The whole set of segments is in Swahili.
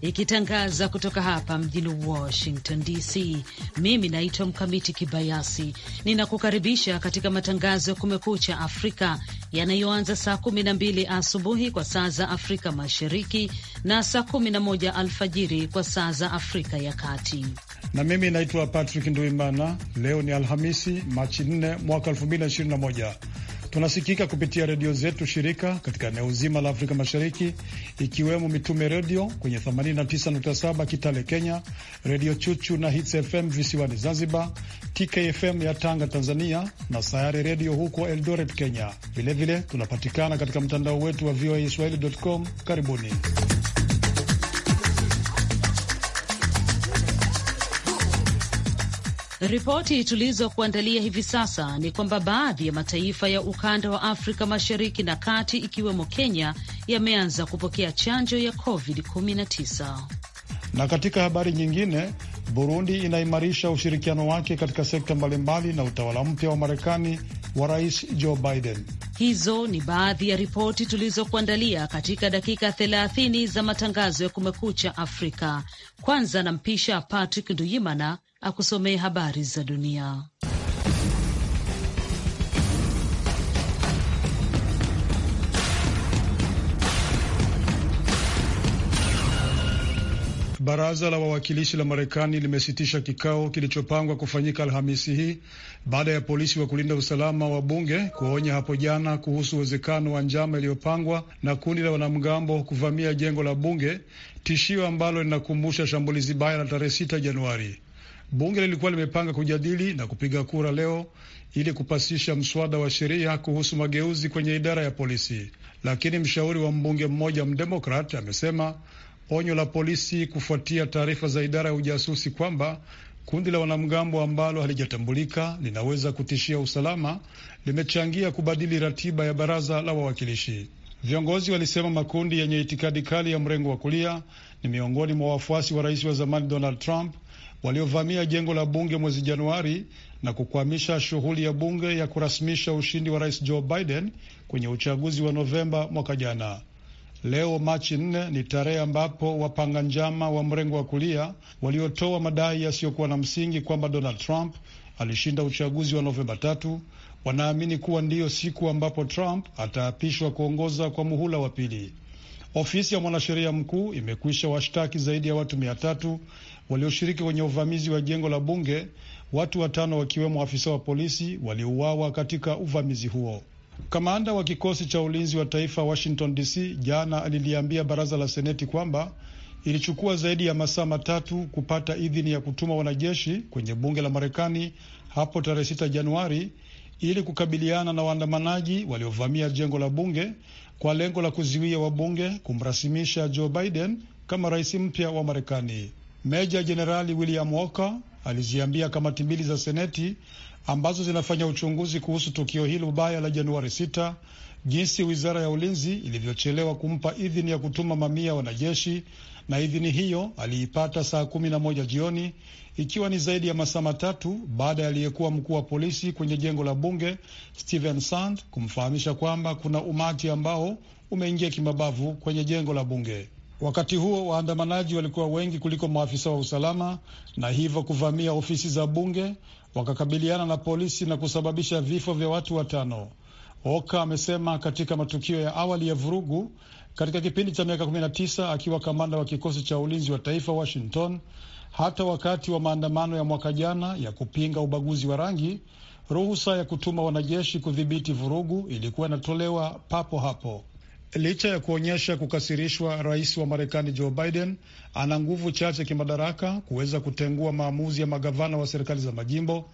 ikitangaza kutoka hapa mjini Washington DC. Mimi naitwa Mkamiti Kibayasi, ninakukaribisha katika matangazo ya Kumekucha Afrika yanayoanza saa 12 asubuhi kwa saa za Afrika Mashariki na saa 11 alfajiri kwa saa za Afrika ya Kati. Na mimi naitwa Patrick Nduimana. Leo ni Alhamisi, Machi 4 mwaka 2021. Tunasikika kupitia redio zetu shirika katika eneo zima la Afrika Mashariki, ikiwemo Mitume Redio kwenye 89.7 Kitale Kenya, Redio Chuchu na Hits FM visiwani Zanzibar, TKFM ya Tanga Tanzania, na sayare Redio huko Eldoret Kenya. Vilevile tunapatikana katika mtandao wetu wa VOA Swahili.com. Karibuni. Ripoti tulizokuandalia hivi sasa ni kwamba baadhi ya mataifa ya ukanda wa Afrika Mashariki na Kati ikiwemo Kenya yameanza kupokea chanjo ya COVID-19. Na katika habari nyingine, Burundi inaimarisha ushirikiano wake katika sekta mbalimbali na utawala mpya wa Marekani wa Rais Joe Biden. Hizo ni baadhi ya ripoti tulizokuandalia katika dakika 30 za matangazo ya Kumekucha Afrika. Kwanza nampisha Patrick Nduyimana akusomee habari za dunia. Baraza la wawakilishi la Marekani limesitisha kikao kilichopangwa kufanyika Alhamisi hii baada ya polisi wa kulinda usalama wa bunge kuwaonya hapo jana kuhusu uwezekano wa njama iliyopangwa na kundi la wanamgambo kuvamia jengo la bunge, tishio ambalo linakumbusha shambulizi baya la tarehe 6 Januari. Bunge lilikuwa limepanga kujadili na kupiga kura leo ili kupasisha mswada wa sheria kuhusu mageuzi kwenye idara ya polisi, lakini mshauri wa mbunge mmoja mdemokrat amesema onyo la polisi kufuatia taarifa za idara ya ujasusi kwamba kundi la wanamgambo ambalo halijatambulika linaweza kutishia usalama limechangia kubadili ratiba ya baraza la wawakilishi. Viongozi walisema makundi yenye itikadi kali ya mrengo wa kulia ni miongoni mwa wafuasi wa rais wa zamani Donald Trump waliovamia jengo la bunge mwezi Januari na kukwamisha shughuli ya bunge ya kurasmisha ushindi wa rais Joe Biden kwenye uchaguzi wa Novemba mwaka jana. Leo Machi nne ni tarehe ambapo wapanga njama wa mrengo wa kulia waliotoa madai yasiyokuwa na msingi kwamba Donald Trump alishinda uchaguzi wa Novemba tatu wanaamini kuwa ndiyo siku ambapo Trump ataapishwa kuongoza kwa muhula wa pili. Ofisi ya mwanasheria mkuu imekwisha washtaki zaidi ya watu mia tatu walioshiriki kwenye uvamizi wa jengo la bunge. Watu watano wakiwemo afisa wa polisi waliuawa katika uvamizi huo. Kamanda wa kikosi cha ulinzi wa taifa Washington DC jana aliliambia baraza la seneti kwamba ilichukua zaidi ya masaa matatu kupata idhini ya kutuma wanajeshi kwenye bunge la Marekani hapo tarehe 6 Januari ili kukabiliana na waandamanaji waliovamia jengo la bunge kwa lengo la kuziwia wabunge kumrasimisha Joe Biden kama rais mpya wa Marekani. Meja Jenerali William Walker aliziambia kamati mbili za Seneti ambazo zinafanya uchunguzi kuhusu tukio hilo baya la Januari 6 jinsi wizara ya ulinzi ilivyochelewa kumpa idhini ya kutuma mamia wanajeshi, na idhini hiyo aliipata saa kumi na moja jioni, ikiwa ni zaidi ya masaa matatu baada ya aliyekuwa mkuu wa polisi kwenye jengo la bunge Stephen Sand kumfahamisha kwamba kuna umati ambao umeingia kimabavu kwenye jengo la bunge. Wakati huo waandamanaji walikuwa wengi kuliko maafisa wa usalama na hivyo kuvamia ofisi za bunge, wakakabiliana na polisi na kusababisha vifo vya watu watano. Oka amesema katika matukio ya awali ya vurugu katika kipindi cha miaka 19 akiwa kamanda wa kikosi cha ulinzi wa taifa Washington, hata wakati wa maandamano ya mwaka jana ya kupinga ubaguzi wa rangi, ruhusa ya kutuma wanajeshi kudhibiti vurugu ilikuwa inatolewa papo hapo. Licha ya kuonyesha kukasirishwa, rais wa Marekani Joe Biden ana nguvu chache kimadaraka kuweza kutengua maamuzi ya magavana wa serikali za majimbo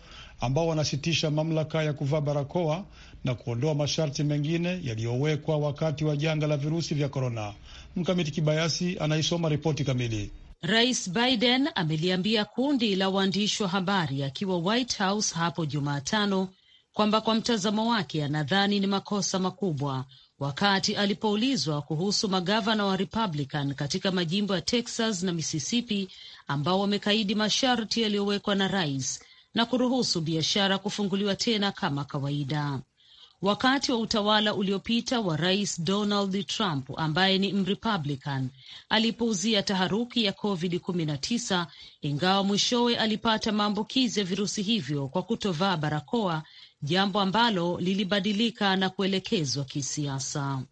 ambao wanasitisha mamlaka ya kuvaa barakoa na kuondoa masharti mengine yaliyowekwa wakati wa janga la virusi vya korona. Mkamiti Kibayasi anaisoma ripoti kamili. Rais Biden ameliambia kundi la waandishi wa habari akiwa White House hapo Jumatano kwamba kwa mtazamo wake anadhani ni makosa makubwa wakati alipoulizwa kuhusu magavana wa Republican katika majimbo ya Texas na Mississippi ambao wamekaidi masharti yaliyowekwa na rais na kuruhusu biashara kufunguliwa tena kama kawaida. Wakati wa utawala uliopita wa Rais Donald Trump ambaye ni Mrepublican alipuuzia taharuki ya COVID-19 ingawa mwishowe alipata maambukizi ya virusi hivyo kwa kutovaa barakoa jambo ambalo lilibadilika na kuelekezwa kisiasa.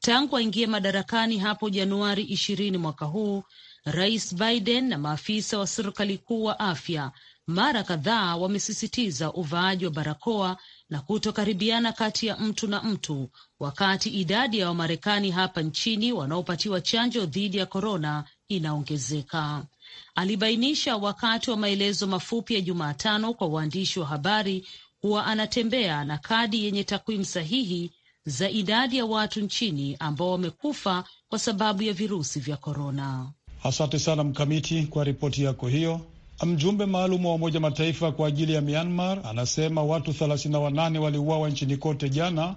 Tangu aingie madarakani hapo Januari ishirini mwaka huu, Rais Biden na maafisa wa serikali kuu wa afya mara kadhaa wamesisitiza uvaaji wa barakoa na kutokaribiana kati ya mtu na mtu, wakati idadi ya Wamarekani hapa nchini wanaopatiwa chanjo dhidi ya korona inaongezeka, alibainisha wakati wa maelezo mafupi ya Jumatano kwa waandishi wa habari huwa anatembea na kadi yenye takwimu sahihi za idadi ya watu nchini ambao wamekufa kwa sababu ya virusi vya korona. Asante sana Mkamiti kwa ripoti yako hiyo. Mjumbe maalum wa Umoja Mataifa kwa ajili ya Myanmar anasema watu 38 waliuawa nchini kote jana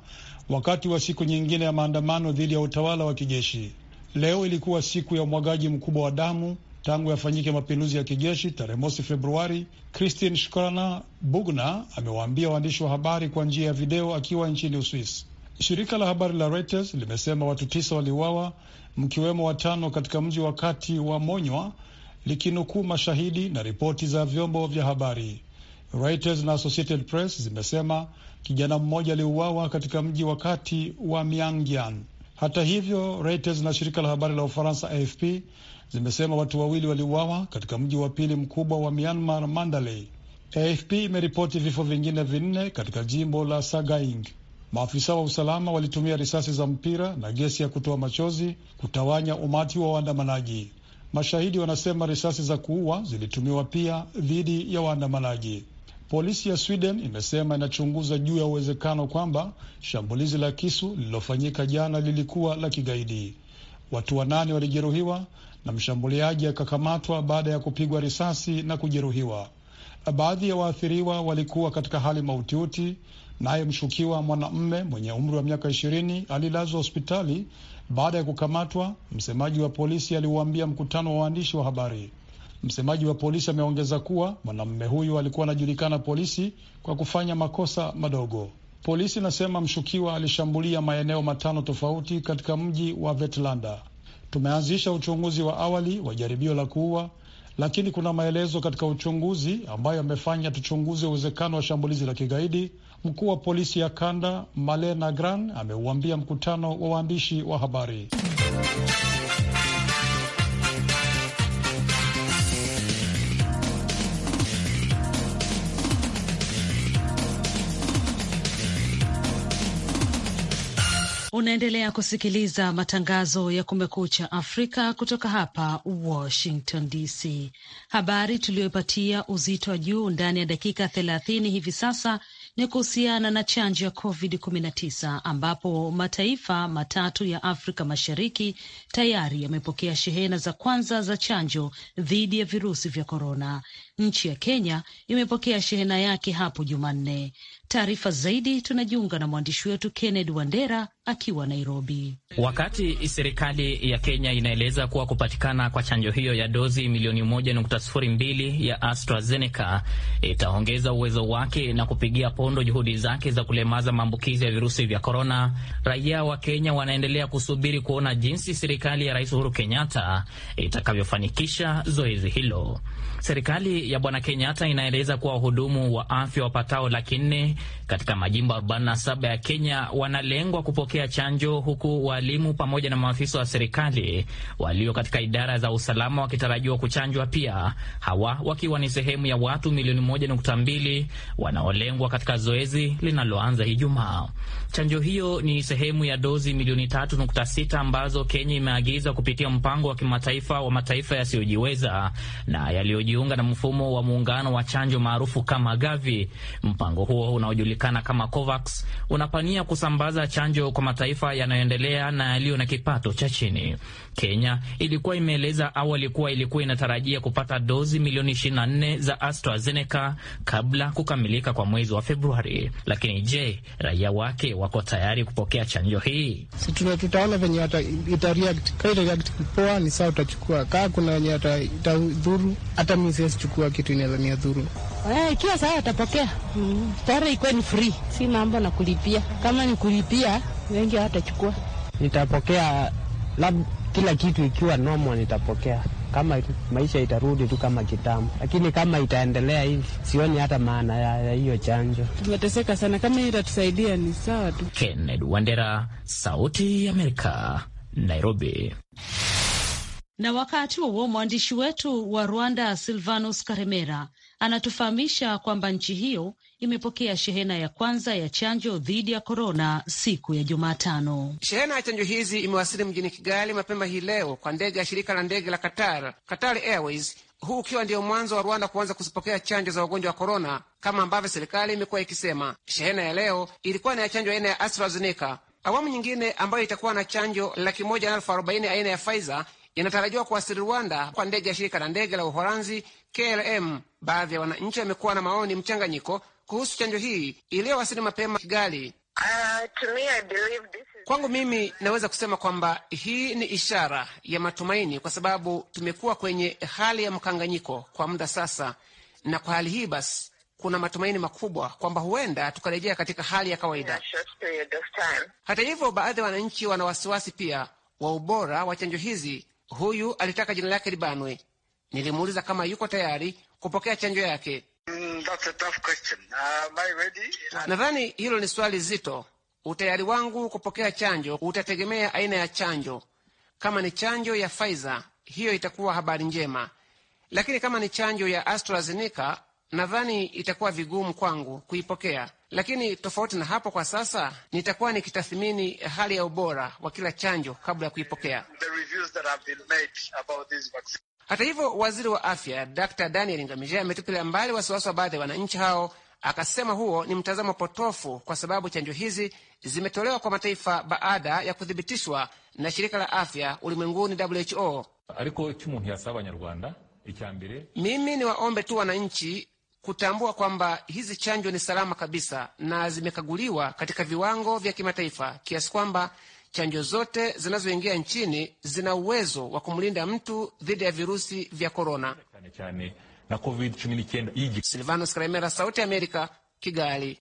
wakati wa siku nyingine ya maandamano dhidi ya utawala wa kijeshi. Leo ilikuwa siku ya umwagaji mkubwa wa damu Tangu yafanyike mapinduzi ya kijeshi tarehe mosi Februari, Christine Shkrana Bugna amewaambia waandishi wa habari kwa njia ya video akiwa nchini uswis Shirika la habari la Reuters limesema watu tisa waliuawa, mkiwemo watano katika mji wa kati wa Monywa, likinukuu mashahidi na ripoti za vyombo vya habari. Reuters na Associated Press zimesema kijana mmoja aliuawa katika mji wa kati wa Miangian. Hata hivyo, Reuters na shirika la habari la Ufaransa AFP zimesema watu wawili waliuawa katika mji wa pili mkubwa wa Myanmar, Mandalay. AFP imeripoti vifo vingine vinne katika jimbo la Sagaing. Maafisa wa usalama walitumia risasi za mpira na gesi ya kutoa machozi kutawanya umati wa waandamanaji. Mashahidi wanasema risasi za kuua zilitumiwa pia dhidi ya waandamanaji. Polisi ya Sweden imesema inachunguza juu ya uwezekano kwamba shambulizi la kisu lililofanyika jana lilikuwa la kigaidi. Watu wanane walijeruhiwa na mshambuliaji akakamatwa baada ya kupigwa risasi na kujeruhiwa. Baadhi ya waathiriwa walikuwa katika hali mautiuti Naye mshukiwa mwanamme mwenye umri wa miaka ishirini alilazwa hospitali baada ya kukamatwa, msemaji wa polisi aliuambia mkutano wa waandishi wa habari. Msemaji wa polisi ameongeza kuwa mwanamme huyu alikuwa anajulikana polisi kwa kufanya makosa madogo. Polisi inasema mshukiwa alishambulia maeneo matano tofauti katika mji wa Vetlanda. Tumeanzisha uchunguzi wa awali wa jaribio la kuua, lakini kuna maelezo katika uchunguzi ambayo amefanya tuchunguze uwezekano wa shambulizi la kigaidi. Mkuu wa polisi ya kanda Malena Gran ameuambia mkutano wa waandishi wa habari Unaendelea kusikiliza matangazo ya Kumekucha Afrika kutoka hapa Washington DC. Habari tuliyoipatia uzito wa juu ndani ya dakika thelathini hivi sasa ni kuhusiana na chanjo ya COVID-19 ambapo mataifa matatu ya Afrika Mashariki tayari yamepokea shehena za kwanza za chanjo dhidi ya virusi vya korona. Nchi ya Kenya imepokea shehena yake hapo Jumanne. Taarifa zaidi tunajiunga na mwandishi wetu kenned Wandera akiwa Nairobi. Wakati serikali ya Kenya inaeleza kuwa kupatikana kwa chanjo hiyo ya dozi milioni moja nukta sifuri mbili ya AstraZeneca itaongeza uwezo wake na kupigia pondo juhudi zake za kulemaza maambukizi ya virusi vya korona, raia wa Kenya wanaendelea kusubiri kuona jinsi serikali ya Rais Uhuru Kenyatta itakavyofanikisha zoezi hilo. Serikali ya Bwana Kenyatta inaeleza kuwa wahudumu wa afya wapatao laki nne katika majimbo 47 ya Kenya wanalengwa kupokea chanjo, huku waalimu pamoja na maafisa wa serikali walio katika idara za usalama wakitarajiwa kuchanjwa pia, hawa wakiwa ni sehemu ya watu milioni 1.2 wanaolengwa katika zoezi linaloanza Ijumaa. Chanjo hiyo ni sehemu ya dozi milioni 3.6 ambazo Kenya imeagiza kupitia mpango wa kimataifa wa mataifa yasiyojiweza na yaliyojiunga na mfumo wa muungano wa chanjo maarufu kama Gavi. Mpango huo unaojulikana kama COVAX unapania kusambaza chanjo kwa mataifa yanayoendelea na yaliyo na kipato cha chini. Kenya ilikuwa imeeleza awali kuwa ilikuwa inatarajia kupata dozi milioni 24 za AstraZeneca kabla kukamilika kwa mwezi wa Februari. Lakini je, raia wake wako tayari kupokea chanjo hii? Si tutaona venye itareact. Ka itareact poa, ni sawa, utachukua. Kaa kuna wenye itadhuru, hata mi siwezi chukua kitu inaweza niadhuru. Eh, ikiwa sawa atapokea. Mm. Tayari ikuwe ni free, si mambo na kulipia. Kama ni kulipia, wengi hawatachukua. Nitapokea lab kila kitu ikiwa normal nitapokea, kama maisha itarudi tu kama kitambo, lakini kama itaendelea hivi sioni hata maana ya hiyo chanjo. Tumeteseka sana, kama hiyo itatusaidia ni sawa tu. Kenneth Wandera, Sauti ya Amerika, Nairobi. Na wakati huo mwandishi wetu wa Rwanda Silvanus Karemera anatufahamisha kwamba nchi hiyo imepokea shehena ya kwanza ya chanjo dhidi ya korona siku ya Jumatano. Shehena ya chanjo hizi imewasili mjini Kigali mapema hii leo kwa ndege ya shirika la ndege la Qatar, Qatar Airways, huu ukiwa ndiyo mwanzo wa Rwanda kuanza kuzipokea chanjo za wagonjwa wa korona kama ambavyo serikali imekuwa ikisema. Shehena ya leo ilikuwa na ya chanjo aina ya AstraZeneca. Awamu nyingine ambayo itakuwa na chanjo laki moja na elfu arobaini aina ya Pfizer inatarajiwa kuwasili Rwanda kwa ndege ya shirika la ndege la Uholanzi KLM. Baadhi ya wananchi wamekuwa na maoni mchanganyiko kuhusu chanjo hii iliyowasili mapema Kigali. Uh, kwangu mimi naweza kusema kwamba hii ni ishara ya matumaini, kwa sababu tumekuwa kwenye hali ya mkanganyiko kwa muda sasa, na kwa hali hii basi kuna matumaini makubwa kwamba huenda tukarejea katika hali ya kawaida. Hata hivyo, baadhi ya wananchi wana wasiwasi pia wa ubora wa chanjo hizi. Huyu alitaka jina lake libanwe Nilimuuliza kama yuko tayari kupokea chanjo yake. Mm, uh, nadhani hilo ni swali zito. Utayari wangu kupokea chanjo utategemea aina ya chanjo. Kama ni chanjo ya Pfizer, hiyo itakuwa habari njema, lakini kama ni chanjo ya AstraZeneca nadhani itakuwa vigumu kwangu kuipokea. Lakini tofauti na hapo, kwa sasa nitakuwa nikitathimini hali ya ubora wa kila chanjo kabla ya kuipokea. Hata hivyo, waziri wa afya Dr Daniel Ngamije ametupilia mbali wasiwasi wa baadhi ya wananchi hao, akasema huo ni mtazamo potofu kwa sababu chanjo hizi zimetolewa kwa mataifa baada ya kuthibitishwa na shirika la afya ulimwenguni WHO. Mimi ni waombe tu wananchi kutambua kwamba hizi chanjo ni salama kabisa na zimekaguliwa katika viwango vya kimataifa kiasi kwamba Chanjo zote zinazoingia nchini zina uwezo wa kumlinda mtu dhidi ya virusi vya korona. Silvanos Sauti ya Amerika, Kigali.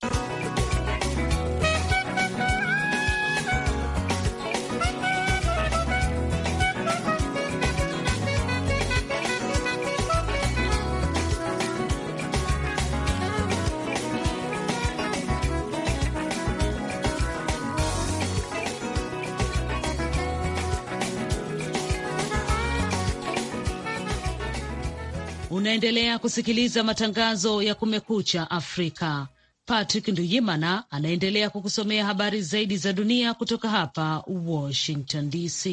Unaendelea kusikiliza matangazo ya Kumekucha Afrika. Patrick Nduyimana anaendelea kukusomea habari zaidi za dunia kutoka hapa Washington DC.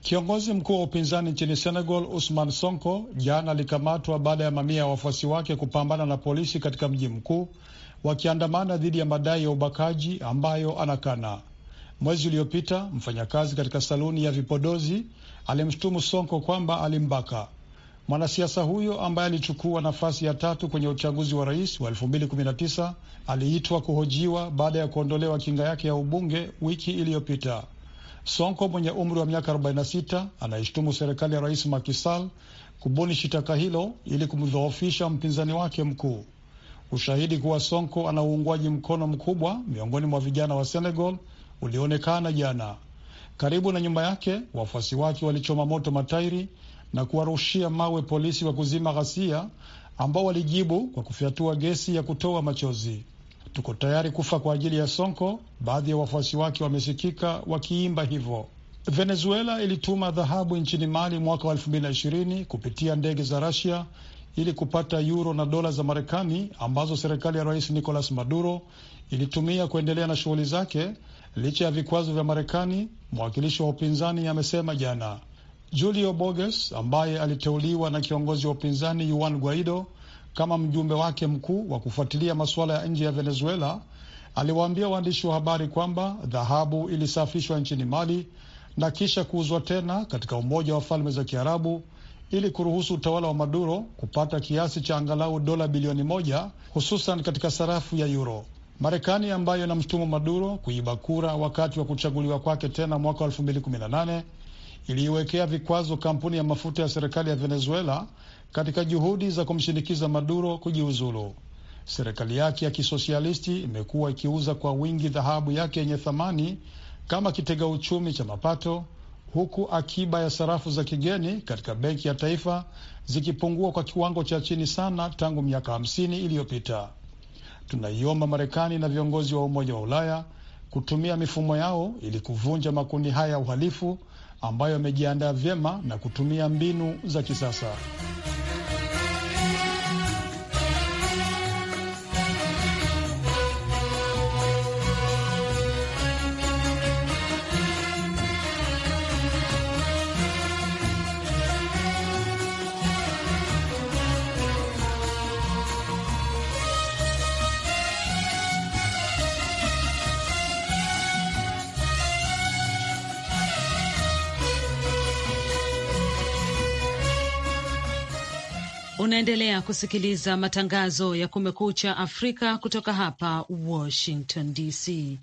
Kiongozi mkuu wa upinzani nchini Senegal, Usman Sonko, jana alikamatwa baada ya mamia ya wafuasi wake kupambana na polisi katika mji mkuu, wakiandamana dhidi ya madai ya ubakaji ambayo anakana. Mwezi uliopita mfanyakazi katika saluni ya vipodozi alimshutumu Sonko kwamba alimbaka. Mwanasiasa huyo ambaye alichukua nafasi ya tatu kwenye uchaguzi wa rais wa 2019 aliitwa kuhojiwa baada ya kuondolewa kinga yake ya ubunge wiki iliyopita. Sonko mwenye umri wa miaka 46 anayeshutumu serikali ya rais Macky Sall kubuni shitaka hilo ili kumdhoofisha mpinzani wake mkuu. Ushahidi kuwa Sonko ana uungwaji mkono mkubwa miongoni mwa vijana wa Senegal ulionekana jana karibu na nyumba yake. Wafuasi wake walichoma moto matairi na kuwarushia mawe polisi wa kuzima ghasia ambao walijibu kwa kufyatua gesi ya kutoa machozi. Tuko tayari kufa kwa ajili ya Sonko, baadhi ya wafuasi wake wamesikika wakiimba hivyo. Venezuela ilituma dhahabu nchini Mali mwaka wa 2020 kupitia ndege za Rasia ili kupata yuro na dola za Marekani ambazo serikali ya rais Nicolas Maduro ilitumia kuendelea na shughuli zake licha ya vikwazo vya Marekani, mwakilishi wa upinzani amesema jana. Julio Boges ambaye aliteuliwa na kiongozi wa upinzani Juan Guaido kama mjumbe wake mkuu wa kufuatilia masuala ya nje ya Venezuela aliwaambia waandishi wa habari kwamba dhahabu ilisafishwa nchini Mali na kisha kuuzwa tena katika Umoja wa Falme za Kiarabu ili kuruhusu utawala wa Maduro kupata kiasi cha angalau dola bilioni moja hususan katika sarafu ya yuro. Marekani ambayo inamshutumu Maduro kuiba kura wakati wa kuchaguliwa kwake tena mwaka 2018 iliiwekea vikwazo kampuni ya mafuta ya serikali ya Venezuela katika juhudi za kumshinikiza Maduro kujiuzulu. Serikali yake ya kisosialisti imekuwa ikiuza kwa wingi dhahabu yake yenye thamani kama kitega uchumi cha mapato, huku akiba ya sarafu za kigeni katika benki ya taifa zikipungua kwa kiwango cha chini sana tangu miaka hamsini iliyopita tunaiomba Marekani na viongozi wa Umoja wa Ulaya kutumia mifumo yao ili kuvunja makundi haya ya uhalifu ambayo yamejiandaa vyema na kutumia mbinu za kisasa. Unaendelea kusikiliza matangazo ya Kumekucha Afrika kutoka hapa Washington DC.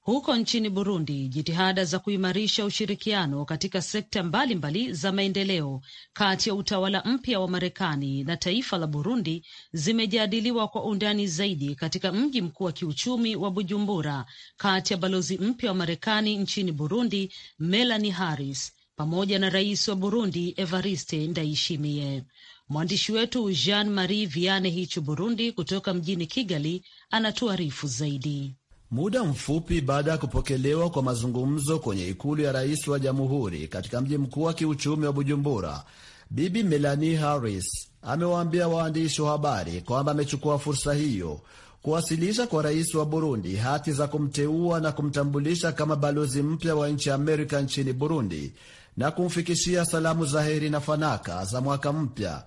Huko nchini Burundi, jitihada za kuimarisha ushirikiano katika sekta mbalimbali mbali za maendeleo kati ya utawala mpya wa Marekani na taifa la Burundi zimejadiliwa kwa undani zaidi katika mji mkuu wa kiuchumi wa Bujumbura, kati ya balozi mpya wa Marekani nchini Burundi Melanie Harris pamoja na rais wa Burundi Evariste Ndayishimiye. Mwandishi wetu Jean Marie Viane Hichu Burundi kutoka mjini Kigali anatuarifu zaidi. Muda mfupi baada ya kupokelewa kwa mazungumzo kwenye ikulu ya rais wa jamhuri katika mji mkuu wa kiuchumi wa Bujumbura, Bibi Melanie Harris amewaambia waandishi wa habari kwamba amechukua fursa hiyo kuwasilisha kwa rais wa Burundi hati za kumteua na kumtambulisha kama balozi mpya wa nchi ya Amerika nchini Burundi na kumfikishia salamu za heri na fanaka za mwaka mpya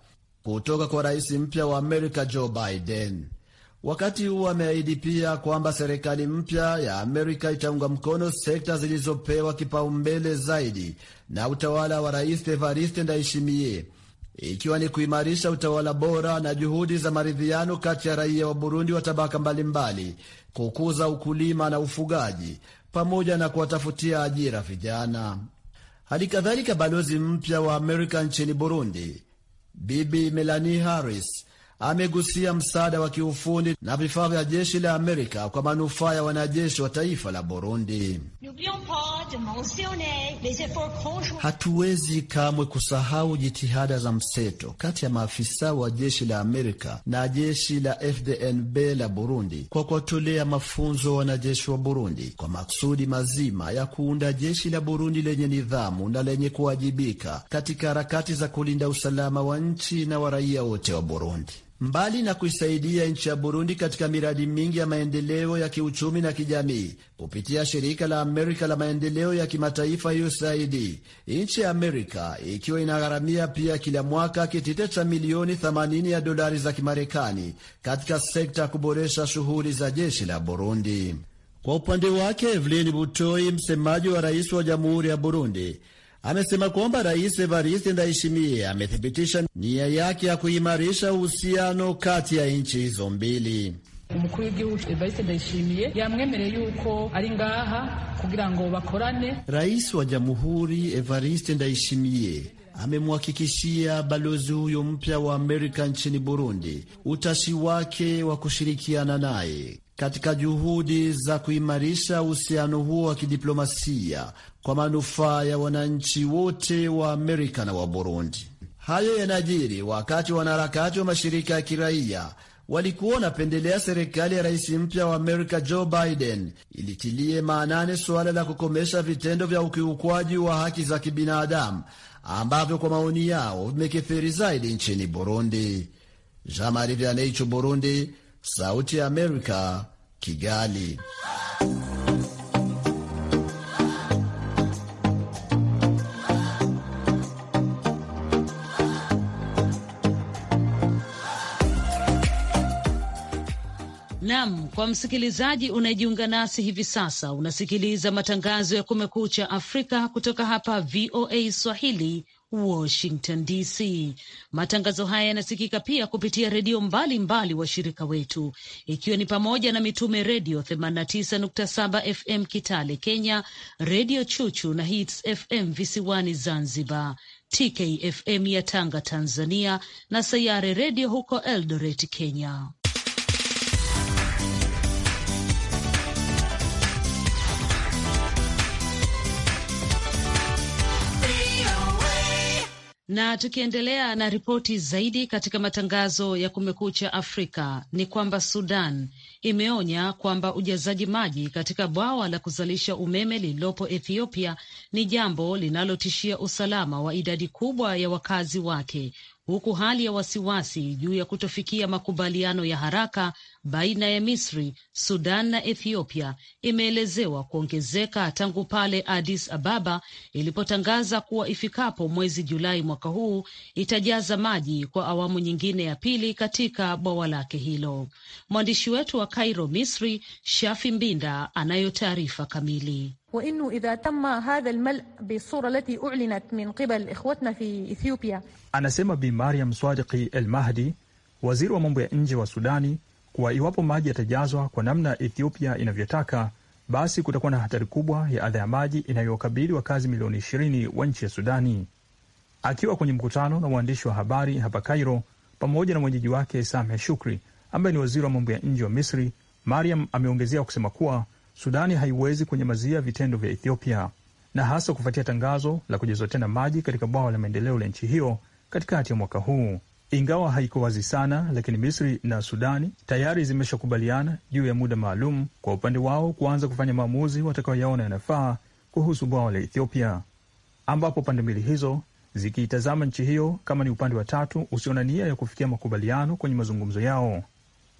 kutoka kwa rais mpya wa Amerika Joe Biden. Wakati huo ameahidi pia kwamba serikali mpya ya Amerika itaunga mkono sekta zilizopewa kipaumbele zaidi na utawala wa Rais Evariste Ndayishimiye, ikiwa ni kuimarisha utawala bora na juhudi za maridhiano kati ya raia wa Burundi wa tabaka mbalimbali, kukuza ukulima na ufugaji, pamoja na kuwatafutia ajira vijana. Hali kadhalika, balozi mpya wa Amerika nchini Burundi Bibi Melanie Harris amegusia msaada wa kiufundi na vifaa vya jeshi la Amerika kwa manufaa ya wanajeshi wa taifa la Burundi. Hatuwezi kamwe kusahau jitihada za mseto kati ya maafisa wa jeshi la Amerika na jeshi la FDNB la Burundi kwa kuwatolea mafunzo wanajeshi wa Burundi kwa maksudi mazima ya kuunda jeshi la Burundi lenye nidhamu na lenye kuwajibika katika harakati za kulinda usalama wa nchi na wa raia wote wa Burundi. Mbali na kuisaidia nchi ya Burundi katika miradi mingi ya maendeleo ya kiuchumi na kijamii kupitia shirika la Amerika la maendeleo ya kimataifa USAID, nchi ya Amerika ikiwa inagharamia pia kila mwaka kitita cha milioni 80 ya dolari za Kimarekani katika sekta ya kuboresha shughuli za jeshi la Burundi. Kwa upande wake, Evelyn Butoi, msemaji wa rais wa jamhuri ya Burundi, amesema kwamba Rais Evariste Ndayishimiye amethibitisha nia yake ya kuimarisha uhusiano kati ya nchi hizo mbili. Umukuru w'igihugu Evariste Ndayishimiye yamwemereye yuko ari ngaha kugira ngo bakorane. Rais wa Jamhuri Evariste Ndayishimiye amemhakikishia balozi huyo mpya wa Amerika nchini Burundi utashi wake wa kushirikiana naye katika juhudi za kuimarisha uhusiano huo wa kidiplomasia kwa manufaa ya wananchi wote wa Amerika na wa Burundi. Hayo yanajiri wakati wanaharakati wa mashirika ya kiraia walikuwa wanapendelea serikali ya rais mpya wa Amerika Joe Biden ilitilie maanani suala la kukomesha vitendo vya ukiukwaji wa haki za kibinadamu ambavyo kwa maoni yao vimekithiri zaidi nchini Burundi. Jean Marie Vianney, Burundi. Sauti ya Amerika, Kigali. Nam, kwa msikilizaji unayejiunga nasi hivi sasa, unasikiliza matangazo ya Kumekucha Afrika kutoka hapa VOA Swahili Washington DC. Matangazo haya yanasikika pia kupitia redio mbalimbali washirika wetu, ikiwa ni pamoja na Mitume Redio 89.7 FM Kitale Kenya, Redio Chuchu na Hits FM visiwani Zanzibar, TKFM ya Tanga Tanzania, na Sayare Redio huko Eldoret Kenya. Na tukiendelea na ripoti zaidi katika matangazo ya Kumekucha Afrika ni kwamba Sudan imeonya kwamba ujazaji maji katika bwawa la kuzalisha umeme lililopo Ethiopia ni jambo linalotishia usalama wa idadi kubwa ya wakazi wake huku hali ya wasiwasi juu ya kutofikia makubaliano ya haraka baina ya Misri, Sudan na Ethiopia imeelezewa kuongezeka tangu pale Addis Ababa ilipotangaza kuwa ifikapo mwezi Julai mwaka huu itajaza maji kwa awamu nyingine ya pili katika bwawa lake hilo. Mwandishi wetu wa Cairo, Misri, Shafi Mbinda anayo taarifa kamili. وانه اذا تم هذا الملء بالصوره التي اعلنت من قبل اخوتنا في اثيوبيا. Anasema Bi Mariam Swadiki El Mahdi, waziri wa mambo ya nje wa Sudani, kuwa iwapo maji yatajazwa kwa namna Ethiopia inavyotaka, basi kutakuwa na hatari kubwa ya adha ya maji inayokabili wakazi milioni 20 wa nchi ya Sudani. Akiwa kwenye mkutano na waandishi wa habari hapa Cairo pamoja na mwenyeji wake Sameh Shukri ambaye ni waziri wa mambo ya nje wa Misri, Mariam ameongezea kusema kuwa Sudani haiwezi kunyamazia vitendo vya Ethiopia na hasa kufuatia tangazo la kujazwa tena maji katika bwawa la maendeleo la nchi hiyo katikati ya mwaka huu. Ingawa haiko wazi sana, lakini Misri na Sudani tayari zimeshakubaliana juu ya muda maalum kwa upande wao kuanza kufanya maamuzi watakaoyaona yanafaa kuhusu bwawa la Ethiopia, ambapo pande mbili hizo zikiitazama nchi hiyo kama ni upande wa tatu usio na nia ya kufikia makubaliano kwenye mazungumzo yao.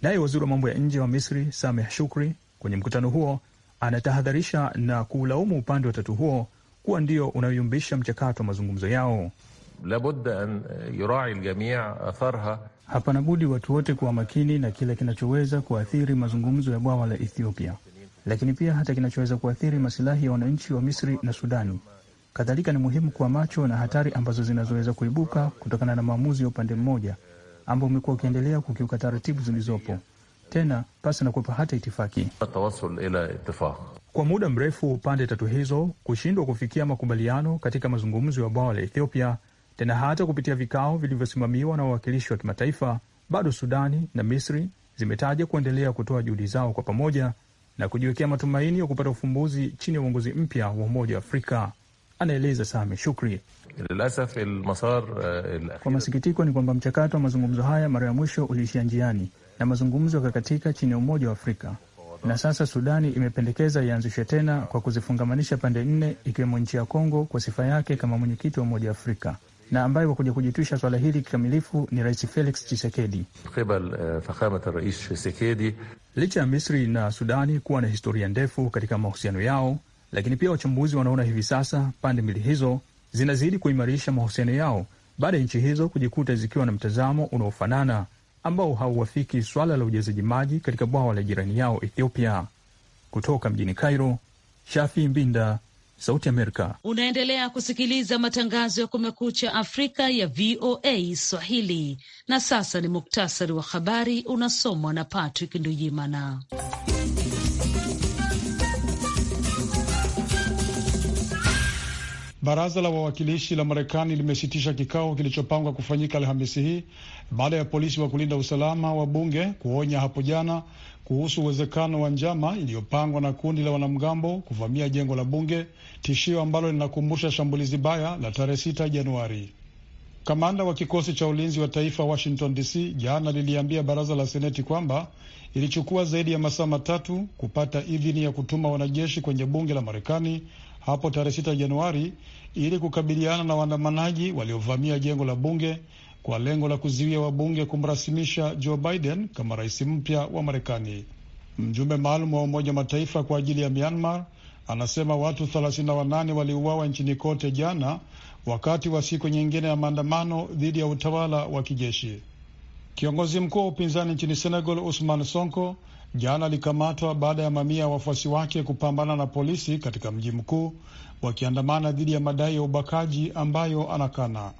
Naye waziri wa mambo ya nje wa Misri Sameh Shukri Kwenye mkutano huo, anatahadharisha na kuulaumu upande wa tatu huo kuwa ndio unaoyumbisha mchakato wa mazungumzo yao. Labudda an yurai ljamia atharha, hapana budi watu wote kuwa makini na kile kinachoweza kuathiri mazungumzo ya bwawa la Ethiopia, lakini pia hata kinachoweza kuathiri masilahi ya wananchi wa Misri na Sudani. Kadhalika ni muhimu kuwa macho na hatari ambazo zinazoweza kuibuka kutokana na maamuzi ya upande mmoja ambao umekuwa ukiendelea kukiuka taratibu zilizopo tena pasi na kuwepo hata itifaki. Kwa muda mrefu pande tatu hizo kushindwa kufikia makubaliano katika mazungumzo ya bwawa la Ethiopia, tena hata kupitia vikao vilivyosimamiwa na wawakilishi wa kimataifa, bado Sudani na Misri zimetaja kuendelea kutoa juhudi zao kwa pamoja na kujiwekea matumaini ya kupata ufumbuzi chini ya uongozi mpya wa Umoja wa Afrika, anaeleza Sami Shukri. Kwa masikitiko ni kwamba mchakato wa mazungumzo haya mara ya mwisho uliishia njiani na mazungumzo yakakatika chini ya Umoja wa Afrika, na sasa Sudani imependekeza ianzishwe tena kwa kuzifungamanisha pande nne, ikiwemo nchi ya Kongo kwa sifa yake kama mwenyekiti wa Umoja wa Afrika na ambaye kwa kuja kujitwisha swala hili kikamilifu ni Rais Felix Chisekedi. Eh, Licha ya Misri na Sudani kuwa na historia ndefu katika mahusiano yao, lakini pia wachambuzi wanaona hivi sasa pande mbili hizo zinazidi kuimarisha mahusiano yao baada ya nchi hizo kujikuta zikiwa na mtazamo unaofanana ambao hauwafiki swala la ujazaji maji katika bwawa la jirani yao Ethiopia. Kutoka mjini Cairo, Shafi Mbinda, Sauti Amerika. Unaendelea kusikiliza matangazo ya Kumekucha Afrika ya VOA Swahili, na sasa ni muktasari wa habari unasomwa na Patrick Nduyimana. Baraza la wawakilishi la Marekani limesitisha kikao kilichopangwa kufanyika Alhamisi hii baada ya polisi wa kulinda usalama wa bunge kuonya hapo jana kuhusu uwezekano wa njama iliyopangwa na kundi la wanamgambo kuvamia jengo la bunge, tishio ambalo linakumbusha shambulizi baya la tarehe 6 Januari. Kamanda wa kikosi cha ulinzi wa taifa Washington DC jana liliambia baraza la seneti kwamba ilichukua zaidi ya masaa matatu kupata idhini ya kutuma wanajeshi kwenye bunge la Marekani hapo tarehe 6 Januari ili kukabiliana na waandamanaji waliovamia jengo la bunge kwa lengo la kuzuia wabunge kumrasimisha Joe Biden kama rais mpya wa Marekani. Mjumbe maalum wa Umoja Mataifa kwa ajili ya Myanmar anasema watu 38 waliuawa nchini kote jana wakati wa siku nyingine ya maandamano dhidi ya utawala wa kijeshi. Kiongozi mkuu wa upinzani nchini Senegal Usman Sonko jana alikamatwa baada ya mamia ya wafuasi wake kupambana na polisi katika mji mkuu wakiandamana dhidi ya madai ya ubakaji ambayo anakana.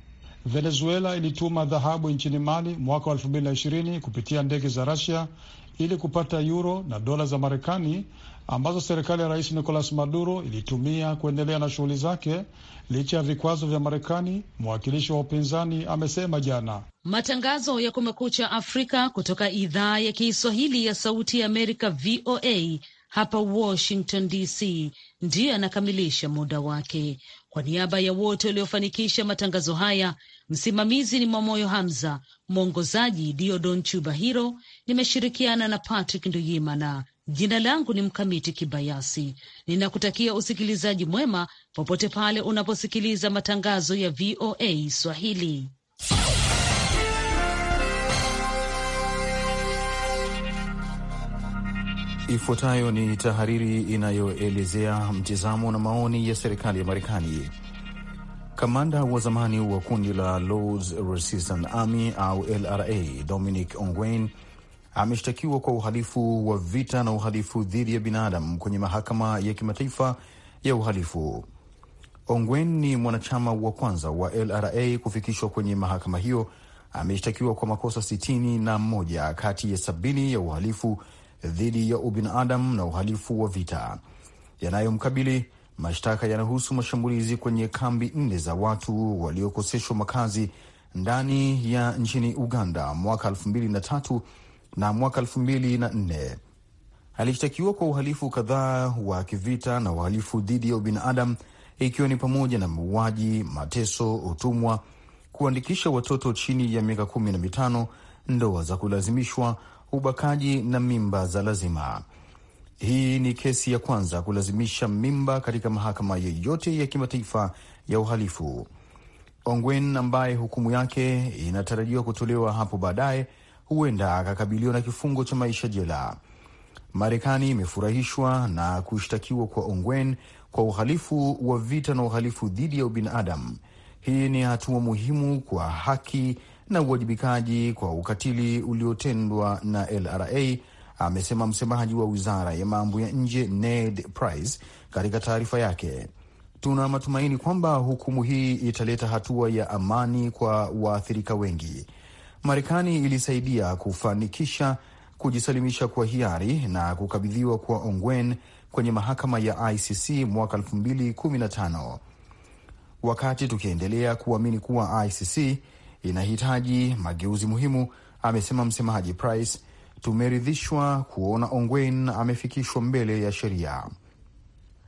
Venezuela ilituma dhahabu nchini Mali mwaka wa 2020 kupitia ndege za Rasia ili kupata yuro na dola za Marekani ambazo serikali ya rais Nicolas Maduro ilitumia kuendelea na shughuli zake licha ya vikwazo vya Marekani, mwakilishi wa upinzani amesema jana. Matangazo ya Kumekucha Afrika kutoka idhaa ya Kiswahili ya Sauti ya Amerika, VOA hapa Washington DC, ndiyo anakamilisha muda wake. Kwa niaba ya wote waliofanikisha matangazo haya, msimamizi ni Mwamoyo Hamza, mwongozaji Diodon chuba hiro nimeshirikiana na Patrick Nduyimana. Jina langu ni Mkamiti Kibayasi, ninakutakia usikilizaji mwema popote pale unaposikiliza matangazo ya VOA Swahili. Ifuatayo ni tahariri inayoelezea mtizamo na maoni ya serikali ya Marekani. Kamanda wa zamani wa kundi la Lord's Resistance Army au LRA Dominic Ongwen ameshtakiwa kwa uhalifu wa vita na uhalifu dhidi ya binadamu kwenye mahakama ya kimataifa ya uhalifu. Ongwen ni mwanachama wa kwanza wa LRA kufikishwa kwenye mahakama hiyo. Ameshtakiwa kwa makosa sitini na moja kati ya sabini ya uhalifu dhidi ya ubinadamu na uhalifu wa vita yanayomkabili. Mashtaka yanahusu mashambulizi kwenye kambi nne za watu waliokoseshwa makazi ndani ya nchini Uganda mwaka elfu mbili na tatu na mwaka elfu mbili na nne alishtakiwa kwa uhalifu kadhaa wa kivita na uhalifu dhidi ya ubinadamu ikiwa ni pamoja na mauaji, mateso, utumwa, kuandikisha watoto chini ya miaka kumi na mitano, ndoa za kulazimishwa, ubakaji na mimba za lazima. Hii ni kesi ya kwanza kulazimisha mimba katika mahakama yoyote ya kimataifa ya uhalifu. Ongwen ambaye hukumu yake inatarajiwa kutolewa hapo baadaye huenda akakabiliwa na kifungo cha maisha jela. Marekani imefurahishwa na kushtakiwa kwa Ongwen kwa uhalifu wa vita na uhalifu dhidi ya ubinadamu. Hii ni hatua muhimu kwa haki na uwajibikaji kwa ukatili uliotendwa na LRA, amesema msemaji wa wizara ya mambo ya nje Ned Price katika taarifa yake. Tuna matumaini kwamba hukumu hii italeta hatua ya amani kwa waathirika wengi. Marekani ilisaidia kufanikisha kujisalimisha kwa hiari na kukabidhiwa kwa Ongwen kwenye mahakama ya ICC mwaka 2015. Wakati tukiendelea kuamini kuwa ICC inahitaji mageuzi muhimu, amesema msemaji Price, tumeridhishwa kuona Ongwen amefikishwa mbele ya sheria.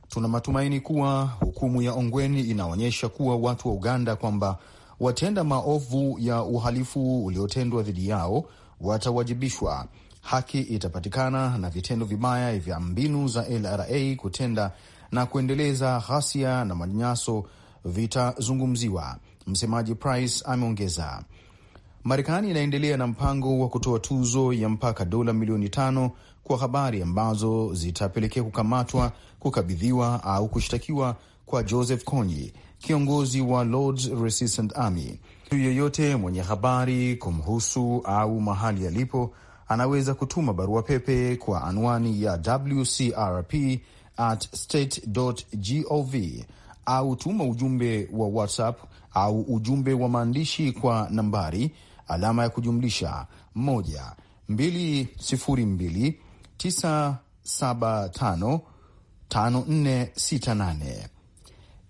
Tuna matumaini kuwa hukumu ya Ongwen inaonyesha kuwa watu wa Uganda kwamba Watenda maovu ya uhalifu uliotendwa dhidi yao watawajibishwa, haki itapatikana, na vitendo vibaya vya mbinu za LRA kutenda na kuendeleza ghasia na manyanyaso vitazungumziwa, msemaji Price ameongeza. Marekani inaendelea na mpango wa kutoa tuzo ya mpaka dola milioni tano kwa habari ambazo zitapelekea kukamatwa, kukabidhiwa au kushtakiwa kwa Joseph Kony, kiongozi wa Lords Resistance Army. Mtu yeyote mwenye habari kumhusu au mahali alipo anaweza kutuma barua pepe kwa anwani ya wcrp at state gov au tuma ujumbe wa WhatsApp au ujumbe wa maandishi kwa nambari alama ya kujumlisha 1 202 975 5468.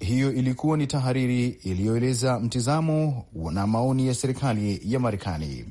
Hiyo ilikuwa ni tahariri iliyoeleza mtizamo na maoni ya serikali ya Marekani.